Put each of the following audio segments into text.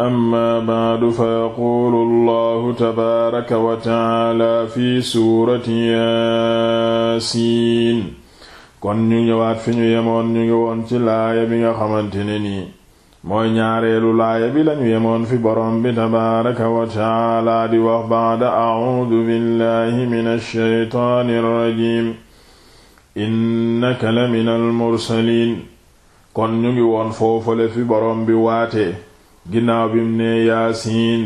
amma ba'du fa yaquulu allahu tabaaraka wa taala fi suurati yaasiin kon ñu ñëwaat fi ñu yemoon ñu ngi woon ci laaya bi nga xamante ne nii mooy ñaareelu laaya bi lañu yemoon fi boroom bi tabaaraka wa taala di wax ba'da a'uudu billahi minash shaytaanir rajiim innaka la minal mursaliin kon ñu ngi woon foofale fi boroom bi waatee ginnaaw bim ne yaasiin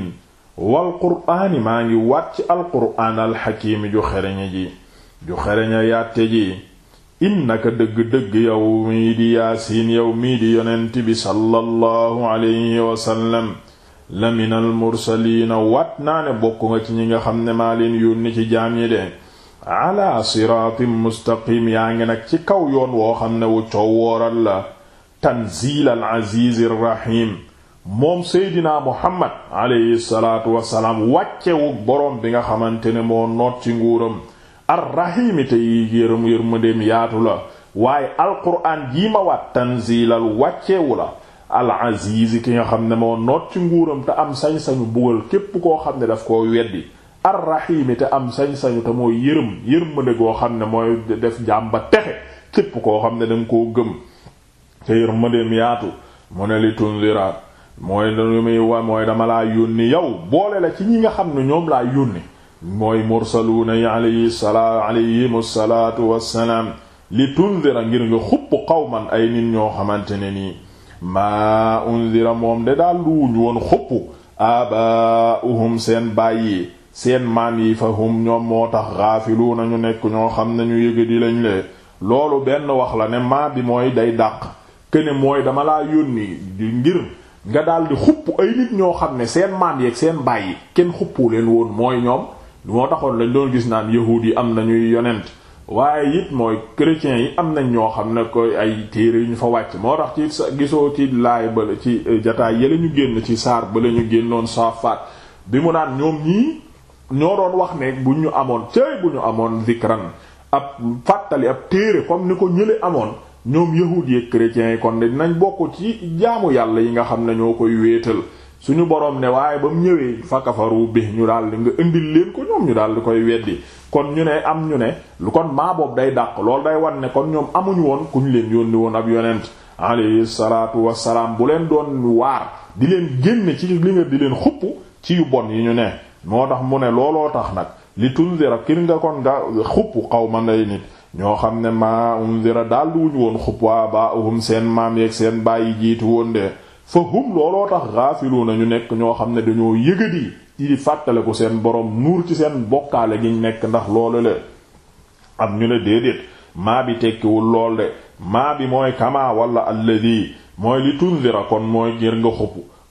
wal qur'aani maa ngi waat ci alqur'aan alxakiimi ju xereñe ji ju xereñe yàtte ji innaka dëgg-dëgg yow mii di yaasiin yow mii di yonent bi sallallahu alayhi wasallam lamina al mursaliina waat naa ne bokk nga ci ñi nga xam ne maa leen yónni ci jaam ñi de ala siraatin mustaqim yaa ngi nag ci kaw yoon woo xam ne wu coow wooral la tanziil al aziiz ar moom seydinaa muhammad alayhi salaatu wasalaam wàccewu borom bi nga xamante ne moo noot ci nguuram arrahimi te yi yërëm yërmandeem yaatu la waaye alquraan jii ma waat tanziilal wàccewu la al azizi ki nga xam ne moo noot ci nguuram te am sañ-sañu bugal képp koo xam ne daf koo weddi arrahimi te am sañ-sañu te mooy yërëm yërmande goo xam ne mooy def jaam ba texe képp koo xam ne danga koo gëm te yërmandeem yaatu mu ne li tunzira mooy lu mooy dama laa yónni yow boole la ci ñi nga xam ne ñoom laa yónni mooy mursaluuna yi alayhi salaa alayhim salaatu wassalaam li tundira ngir nga xupp qawman ay nit ñoo xamante ne nii maa undira moom de daal luwuñ woon xupp aabaa'uhum seen bàyyi seen maam yi fa hum ñoom moo tax gaafiluuna ñu nekk ñoo xam ne ñu yëg di lañ le loolu benn wax la ne maa bi mooy day dàq kene mooy dama laa yónni ngir nga daal di xupp ay nit ñoo xam ne seen maan yeek seen baay yi kenn xuppu leen woon mooy ñoom moo taxoon lañ doon gis naan yahuud yi am na ñuy yonent waaye it mooy chrétiens yi am nañ ñoo xam ne koy ay téere yu ñu fa wàcc moo tax ci gisoo ci laay ba ci euh, jataay yële ñu génn ci saar ba la ñu génnoon saafaat bi mu naan ñoom ñii ñoo doon wax ne bu ñu amoon cëy bu ñu amoon zikran ab fàttali ab téere comme ni ko ñële amoon ñoom yahuud yi chrétiens yi kon ne dinañ bokk ci jaamu yàlla yi nga xam ne ñoo koy wéetal suñu boroom ne waaye ba mu ñëwee fakafaru bi ñu daal di nga indil leen ko ñoom ñu daal di koy weddi kon ñu ne am ñu ne lu kon maa boobu day dàq loolu day wan ne kon ñoom amuñu woon ku ñu leen yónni woon ab yonent alayhi salaatu wassalaam bu leen doon waar di leen génne ci li nga di leen xupp ci yu bon yi ñu ne moo tax mu ne looloo tax nag li tunzira kir nga kon nga xupp xaw ma nay ñoo xam ne maa undira daal duwuñ woon xub waa baa uhum seen maam yeeg seen bàyyi jiitu woon de fa hum looloo tax gaafiluuna ñu nekk ñoo xam ne dañoo yëgadi di fàttale ko seen boroom nuur ci seen bokkaale giñ nekk ndax loolu le am ñu ne déedéet maa bi tekkiwul lool de maa bi mooy kama wala alladi mooy li tundira kon mooy ngir nga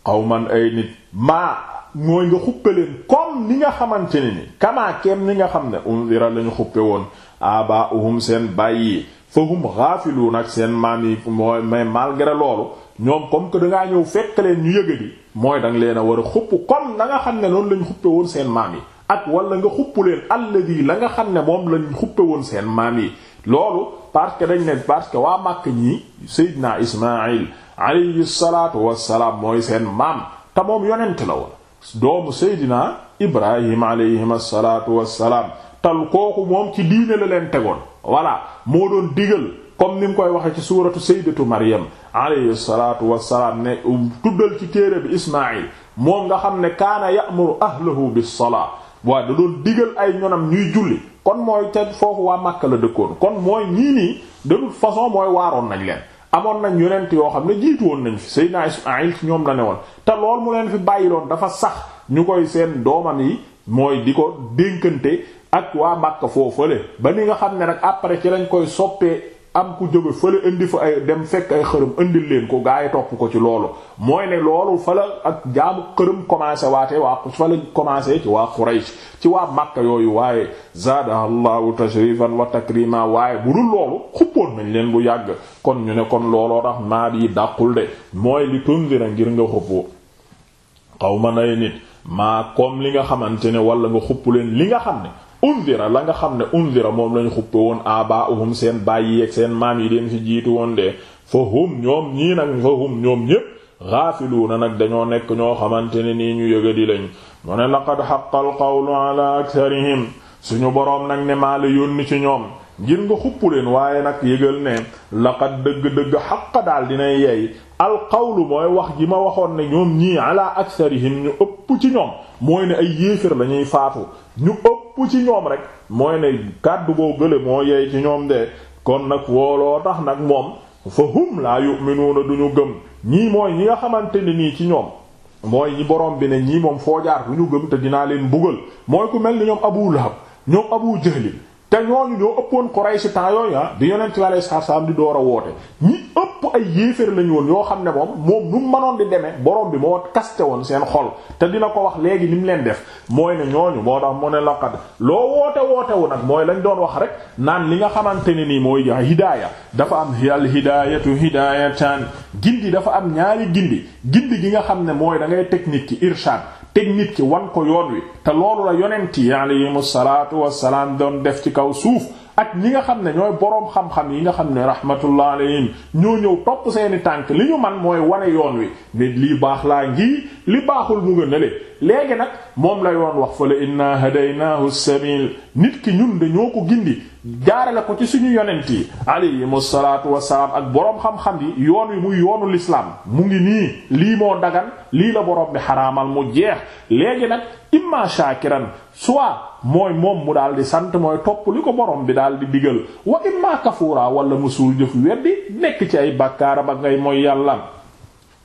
xaw man ay nit maa mooy nga xuppaleen comme ni nga xamante ne ni kama ni nga xam ne undira lañu xuppe woon abaahum seen bàyyi fahum ghaafilun ak seen maam yi mooy mais malgré loolu ñoom comme que da ñëw fekk leen ñu yëga di mooy danga leen a war a xupp comme na nga xam ne noonu lañ xuppe woon seen maam yi ak wala nga xupp leen alladi la nga xam ne moom lañ xuppe woon seen maam yi loolu parce que dañ ne parce que waa màkk ñii Seydina Ismaïl alayhi salaatu wassalaam mooy seen maam te moom yonent la woon doomu Seydina Ibrahim alayhim asalaatu salaam tal kooku moom ci diine la leen tegoon voilà moo doon digal comme ni mu koy waxee ci suuratu sayyidatu Maryam alayhi salaatu wassalaam ne tuddal ci téere bi Ismaayil moom nga xam ne kaana ya'muru ahlahu bis-salaa waaye da doon digal ay ñonam ñuy julli kon mooy te foofu waa Makka la kon mooy ñii nii de mooy waaroon nañ amoon nañ yonent yoo xam ne jiitu woon nañ fi Seydina Ismaayil ci ñoom la ne woon te lool mu leen fi bàyyiloon dafa sax ñu koy seen doomam yi mooy di ko dénkante ak waa Makka foo fële ba ni nga xam ne nag après ci lañ koy soppee am ku jóge fële indi fu ay dem fekk ay xërëm indil leen ko gaa yi topp ko ci loolu mooy ne loolu fala ak jaamu xërëm commencé waate waa fa la commencé ci waa Quraysh ci waa Makka yooyu waaye zaadaha allahu tashrifan wa takrima waaye bu dul loolu xuppoon nañ leen bu yàgg kon ñu ne kon looloo tax maa yi dàqul de mooy li tundira ngir nga xuppoo xaw ma nay nit maa comme li nga xamante ne wala nga li nga xam ne undira la nga xam ne undira moom lañu xuppe woon abaahum seen bàyyi yeeg seen maam yi leen fi jiitu woon de fa hum ñoom ñii nag fa hum ñoom ñépp gaafiluuna nag dañoo nekk ñoo xamante ne nii ñu yëga di lañ mu ne laqad xaqal qawlu ala suñu boroom nag ne maa la yónni ci ñoom ngir nga xuppu leen waaye nag yëgal ne laqad dëgg-dëgg xaqa daal dinay yey alqawlu mooy wax ji ma waxoon ne ñoom ñii ala aksarihim ñu ëpp ci ñoom mooy ne ay yéefér la ñuy faatu ñu ëpp ci ñoom rek mooy ne kàddu goo gële moo yey ci ñoom de kon nag wooloo tax nag moom fa hum laa yu'minuuna duñu gëm ñii mooy ñi nga xamante ne nii ci ñoom mooy ñi borom bi ne ñii moom foo jaar duñu gëm te dinaa leen mbugal mooy ku mel ni ñoom Abu Lahab ñoom Abu Jahl te ñooñu ñoo ëppoon Quraysh temps yooyu ah di yonent bi alayhi salaam di door a woote ñi ëpp ay yéeféer lañu woon yoo xam ne moom moom nu mënoon di demee borom bi moo kaste woon seen xol te dina ko wax léegi ni mu leen def mooy ne ñooñu moo tax mu ne laqad loo woote woote nag mooy lañ doon wax rek naan li nga xamante ne nii mooy hidaaya dafa am al hidaayatu hidaayataan gindi dafa am ñaari gindi gindi gi nga xam ne mooy da ngay technique ci irshad teg nit ki wan ko yoon wi te loolu la yonent yi alayhimu salaatu wassalaam doon def ci kaw suuf ak ñi nga xam ne ñooy boroom xam-xam yi nga xam ne rahmatullah alayhim ñoo ñëw topp seeni tànk li ñu man mooy wane yoon wi ne lii baax laa ngi li baaxul mu nga nële léegi nag moom la yoon wax fa la inna hadaynaahu sabil nit ki ñun dañoo ko gindi jaarale ko ci suñu yonent yi alayhimu salaatu wassalaam ak boroom xam-xam yi yoon wi muy yoonu lislaam mu ngi nii lii moo dagan lii la boroom bi xaraamal mu jeex léegi nag imma shakiran soit mooy moom mu daal di sant mooy topp li ko borom bi daal di digal wa imma kafuura wala mu suul jëf weddi nekk ci ay bàkkaaram ba ngay mooy yàlla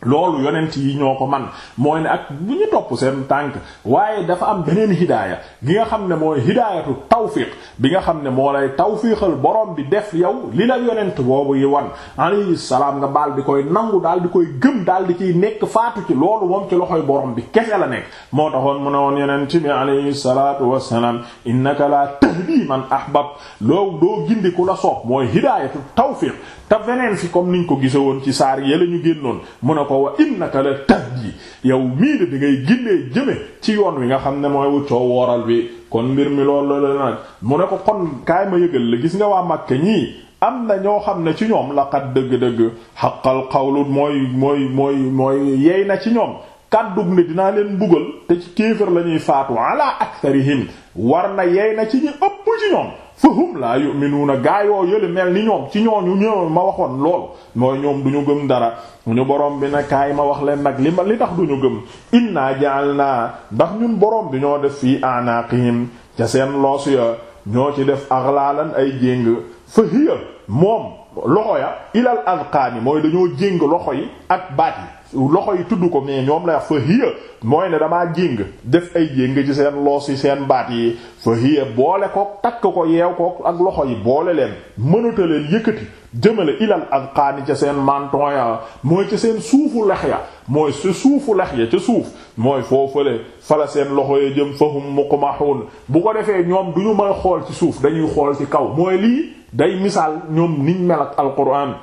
loolu yonent yi ñoo ko man mooy ne ak bu ñu topp seen tànk waaye dafa am beneen hidaaya gi nga xam ne mooy hidaayatu tawfiq bi nga xam ne moo lay tawfiqal borom bi def yow li la yonent boobu yi wan alayhi salaam nga baal di koy nangu daal di koy gëm daal di ciy nekk faatu ci loolu moom ci loxoy borom bi kese la nekk moo taxoon mu ne woon yeneen yonent bi alayhi salaatu wassalaam innaka la tahdi man ahbab loo doo gindi ku la soob mooy hidaayatu tawfiq te fi comme niñ ko gise woon ci saar yële ñu génnoon ko it innaka la tahdi yow mii de di ngay gindee jëme ci yoon wi nga xam ne mooy wuccoo wooral bi kon mbir mi loolu la la nag mu ne ko kon kaay ma yëgal la gis nga waa Makka ñii am na ñoo xam ne ci ñoom laqad dëgg-dëgg xaqal xawlu mooy mooy mooy mooy yey na ci ñoom kàddug ne dinaa leen mbugal te ci kéefër la ñuy faatu ala aktharihim war na yeey na ci ñi ëpp ci ñoom fahum laa yu'minuuna gaayoo yële mel ni ñoom ci ñooñu ñoo ma waxoon lool mooy ñoom du ñu gëm dara ñu boroom bi ne ma wax leen nag li ma li tax du ñu gëm inna ja'alnaa ndax ñun boroom bi ñoo def fii a'naaqihim ca seen loos ya ñoo ci def aghlaalan ay jéng fa ya moom loxo ya ilal adqaani mooy dañoo jéng loxo yi ak baat yi loxo yi tudd ko mais ñoom la wax fa hiya mooy ne damaa jéng def ay jéng ci seen loos yi seen baat yi fa hiya boole ko takk ko yeew ko ak loxo yi boole leen mënata leen yëkkati jëmale ilal xaani ca seen menton ya mooy ca seen suufu lex ya mooy ca suufu lex ya ca suuf mooy foofale fala seen loxo ya jëm fahum muqmahun bu ko defee ñoom du ñu may xool ci suuf dañuy xool ci kaw mooy lii day misaal ñoom niñ mel ak alquran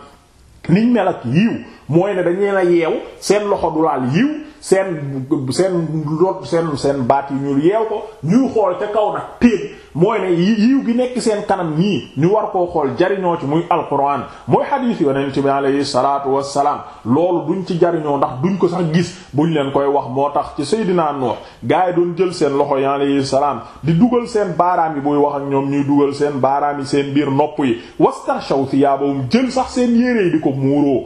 niñ mel ak yiw mooy ne dañu leen a yeew seen loxo du laal yiw seen seen lot seen seen baat yi ñu yeew ko ñuy xool ca kaw nag téeg mooy ne yiw bi nekk seen kanam nii ñu war koo xool jariñoo ci muy alquran mooy xadiis yonent bi alayhi salaatu salaam loolu duñ ci jariñoo ndax duñ ko sax gis buñ leen koy wax moo tax ci Seydina Nuux gaa yi doon jël seen loxo yi alayhi salaam di dugal seen baaraam yi buy wax ak ñoom ñuy dugal seen baaraam yi seen biir nopp yi wastarshaw thiyaabahum jël sax seen yére yi di ko muuroo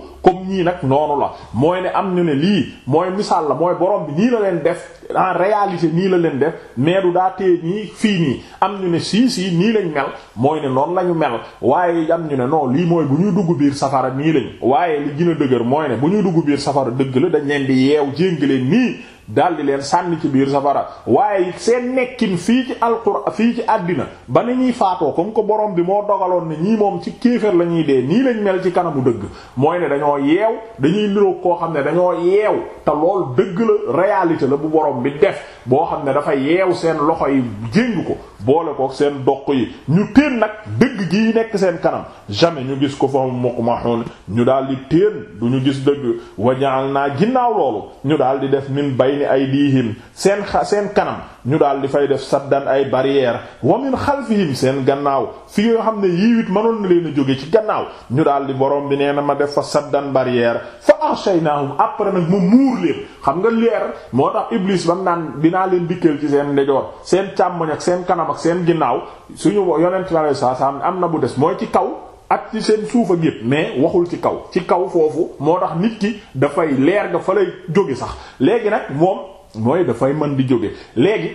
ñii nag noonu la mooy ne am ñu ne lii mooy misaal la mooy borom bi nii la leen def en réalité nii la leen def mais du daa tee ñii fii nii am ñu ne sii sii nii lañ mel mooy ne noonu la ñu mel waaye am ñu ne non lii mooy bu ñuy dugg biir safara nii lañ waaye li gën a dëgër mooy ne bu ñuy dugg biir safara dëgg la dañ leen di yeew jéng leen nii daldi leen sànni ci biir safara waaye seen nekkin fii ci alqur fii ci àddina ba ni ñuy faatoo comme que borom bi moo dogaloon ne ñii moom ci kéefër la ñuy dee nii lañ mel ci kanamu dëgg mooy ne dañoo yeew dañuy niroog koo xam ne dañoo yeew te lool dëgg la réalité la bu borom bi def boo xam ne dafa yeew seen loxo yi jéng ko boole kook seen doq yi ñu téen nag dëgg gi nekk seen kanam jamais ñu gis ko fa muqmahun ñu daal di téen du ñu gis dëgg wajaal naa ginnaaw loolu ñu daal di def min bayni aydihim seen seen kanam ñu daal di fay def saddan ay barrière wa min xalfihim seen gannaaw fii nga xam ne yii yiiwit mënoon na leen a jóge ci gannaaw ñu daal di borom bi nee na ma def fa saddan barrière fa arshaynahum après nag mu muur leen xam nga leer moo tax iblis bam naan dinaa leen dikkal ci seen ndejoor seen càmmoñ ak seen kanam ak seen ginnaaw suñu yonent bi saa saa am na bu des mooy ci kaw ak ci seen suuf a gépp mais waxul ci kaw ci kaw foofu moo tax nit ki dafay leer nga fa jóge sax léegi nag moom mooy dafay man di jóge léegi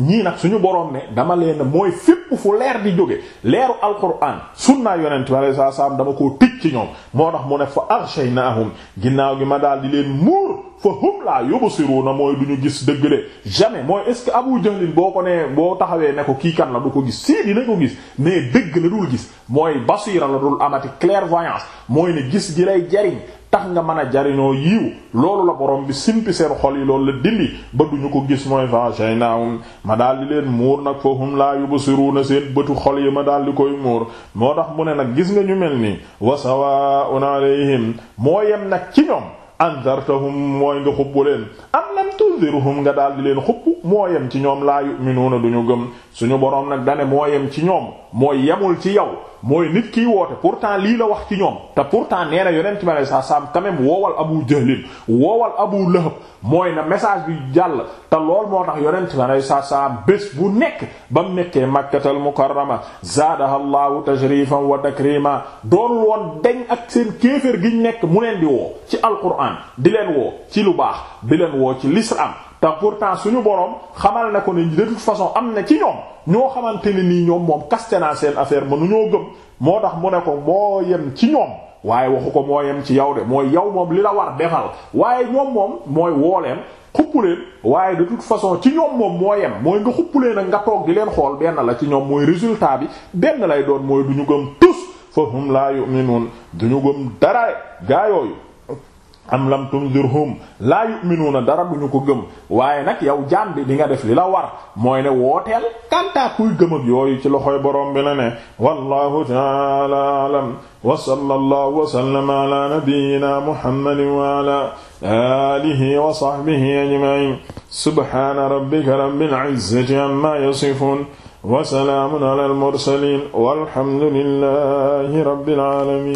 ñii nag suñu boroom ne dama leen mooy fépp fu leer di jóge leeru alquran sunnaa yonent bi alayhi salaam dama koo tij ci ñoom moo tax mu ne fa aghshaynahum ginnaaw gi ma daal di leen muur fa hum laa na mooy du ñu gis dëgg de jamais mooy est-ce que Abu Jahlin boo ko nee boo taxawee ne ko kii kan la du ko gis sii dina ko gis mais dëgg la dul gis mooy basira la dul amati clairvoyance mooy ne gis gi lay jariñ tax nga man a jariñoo yiiw loolu la borom bi simpi seen xol yi loolu la dindi ba ñu ko gis mooy fa shaynaahum ma daal leen muur nag fahum laa na seen bëtu xol yi ma daal koy muur moo tax mu ne nag gis nga ñu mel ni wa sawaa'un alayhim moo yem nag ci ñoom anzartahum mooy nga xubbu leen am lam tunzirhum nga daal di leen xubbu moo yem ci ñoom laa yu'minuuna du ñu gëm suñu boroom nag dane moo yem ci ñoom moo yemul ci yow mooy nit woo woote pourtant lii la wax ci ñoom te pourtant nee na yonent bi alayhi salaam quand même woowal Abu Jahlin woowal Abu Lahab mooy na message bi jàll te lool moo tax yonent bi alayhi salaam bés bu nekk ba mu nekkee Makkatal Mukarrama zaadaha Allahu tashrifan wa takrima doonul woon deñ ak seen kéefër giñ nekk mu leen di woo ci alquran di leen woo ci lu baax di leen woo ci l'islam te pourtant suñu borom xamal na ko ne de toute façon am na ci ñoom ñoo xamante ni nii ñoom moom kaste naa seen affaire ñoo gëm moo tax mu ne ko moo yem ci ñoom waaye waxu ko moo yem ci yow de mooy yow moom li la war defal waaye ñoom moom mooy wooleen xuppuleen waaye de toute façon ci ñoom moom moo yem mooy nga xuppuleen ak nga toog leen xool benn la ci ñoom mooy résultat bi benn lay doon mooy du ñu gëm tus fa hum laa yu'minun du ñu gëm dara gaa yooyu am lam tunzirhum laa yu'minuuna dara du ñu ko gëm waaye nag yow jaam bi di nga def li la war mooy ne wooteel kantaa kuy gëm ak yooyu ci loxoy borom bi la ne wallahu ta'ala alam wa sallallahu wa sallama ala nabiyyina muhammadin wa ala alihi wa sahbihi ajma'in subhana rabbika rabbil izzati amma yasifun wa salaamun ala al mursalin walhamdulillahi rabbil alamin